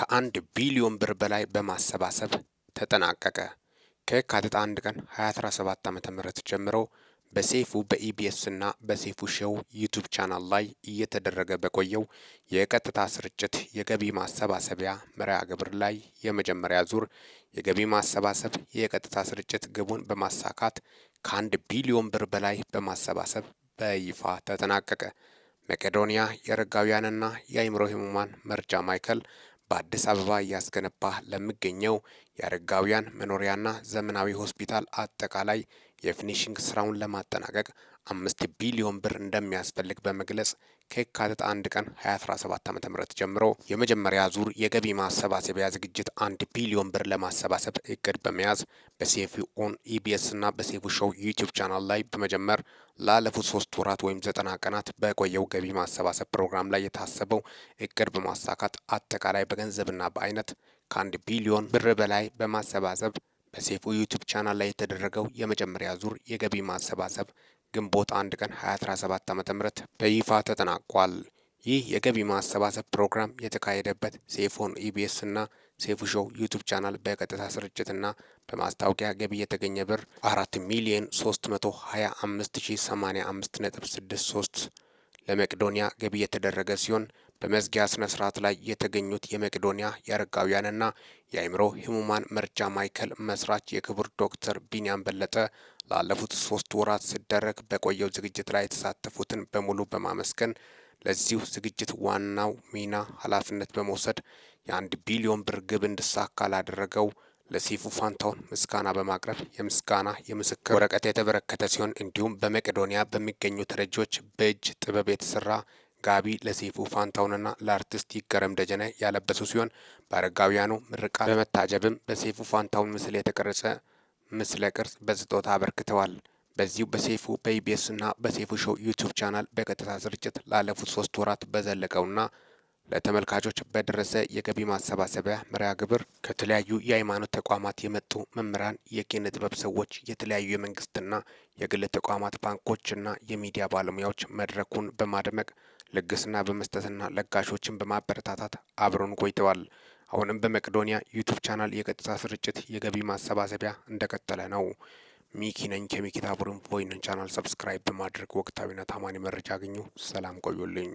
ከአንድ ቢሊዮን ብር በላይ በማሰባሰብ ተጠናቀቀ። ከየካቲት 1 ቀን 2017 ዓ ም ጀምሮ በሴፉ በኢቢኤስና በሴፉ ሾው ዩቱብ ቻናል ላይ እየተደረገ በቆየው የቀጥታ ስርጭት የገቢ ማሰባሰቢያ መርሃ ግብር ላይ የመጀመሪያ ዙር የገቢ ማሰባሰብ የቀጥታ ስርጭት ግቡን በማሳካት ከአንድ ቢሊዮን ብር በላይ በማሰባሰብ በይፋ ተጠናቀቀ። መቄዶንያ የአረጋውያንና የአእምሮ ህሙማን መርጃ ማዕከል በአዲስ አበባ እያስገነባ ለሚገኘው የአረጋውያን መኖሪያና ዘመናዊ ሆስፒታል አጠቃላይ የፊኒሽንግ ስራውን ለማጠናቀቅ አምስት ቢሊዮን ብር እንደሚያስፈልግ በመግለጽ ከየካቲት አንድ ቀን 2017 ዓ ም ጀምሮ የመጀመሪያ ዙር የገቢ ማሰባሰቢያ ዝግጅት አንድ ቢሊዮን ብር ለማሰባሰብ እቅድ በመያዝ በሴፊ ኦን ኢቢኤስ እና በሴፉ ሾው ዩቲዩብ ቻናል ላይ በመጀመር ላለፉት ሶስት ወራት ወይም ዘጠና ቀናት በቆየው ገቢ ማሰባሰብ ፕሮግራም ላይ የታሰበው እቅድ በማሳካት አጠቃላይ በገንዘብና በአይነት ከአንድ ቢሊዮን ብር በላይ በማሰባሰብ በሴፉ ዩቲዩብ ቻናል ላይ የተደረገው የመጀመሪያ ዙር የገቢ ማሰባሰብ ግንቦት አንድ ቀን 2017 ዓ.ም በይፋ ተጠናቋል። ይህ የገቢ ማሰባሰብ ፕሮግራም የተካሄደበት ሴፎን ኢቢኤስ እና ሴፉ ሾው ዩቱብ ቻናል በቀጥታ ስርጭትና በማስታወቂያ ገቢ የተገኘ ብር 4 ሚሊዮን 325,085.63 ለመቄዶንያ ገቢ የተደረገ ሲሆን በመዝጊያ ስነ ስርዓት ላይ የተገኙት የመቄዶንያ የአረጋውያንና የአእምሮ ህሙማን መርጃ ማዕከል መስራች የክቡር ዶክተር ቢንያም በለጠ ላለፉት ሶስት ወራት ሲደረግ በቆየው ዝግጅት ላይ የተሳተፉትን በሙሉ በማመስገን ለዚሁ ዝግጅት ዋናው ሚና ኃላፊነት በመውሰድ የአንድ ቢሊዮን ብር ግብ እንዲሳካ ላደረገው ለሲፉ ፋንታውን ምስጋና በማቅረብ የምስጋና የምስክር ወረቀት የተበረከተ ሲሆን እንዲሁም በመቄዶንያ በሚገኙ ተረጂዎች በእጅ ጥበብ የተሰራ ጋቢ ለሴፉ ፋንታውንና ለአርቲስት ይገረም ደጀነ ያለበሱ ሲሆን በአረጋውያኑ ምርቃ በመታጀብም በሴፉ ፋንታውን ምስል የተቀረጸ ምስለ ቅርጽ በስጦታ አበርክተዋል። በዚሁ በሴፉ በኢቢኤስና በሴፉ ሾው ዩቱብ ቻናል በቀጥታ ስርጭት ላለፉት ሶስት ወራት በዘለቀውና ለተመልካቾች በደረሰ የገቢ ማሰባሰቢያ መርሃ ግብር ከተለያዩ የሃይማኖት ተቋማት የመጡ መምህራን፣ የኪነ ጥበብ ሰዎች፣ የተለያዩ የመንግስትና የግል ተቋማት ባንኮችና የሚዲያ ባለሙያዎች መድረኩን በማድመቅ ልግስና በመስጠትና ለጋሾችን በማበረታታት አብረውን ቆይተዋል። አሁንም በመቄዶንያ ዩቱብ ቻናል የቀጥታ ስርጭት የገቢ ማሰባሰቢያ እንደቀጠለ ነው። ሚኪ ነኝ ከሚኪታቡርን ቮይንን ቻናል ሰብስክራይብ በማድረግ ወቅታዊና ታማኒ መረጃ አግኙ። ሰላም ቆዩልኝ።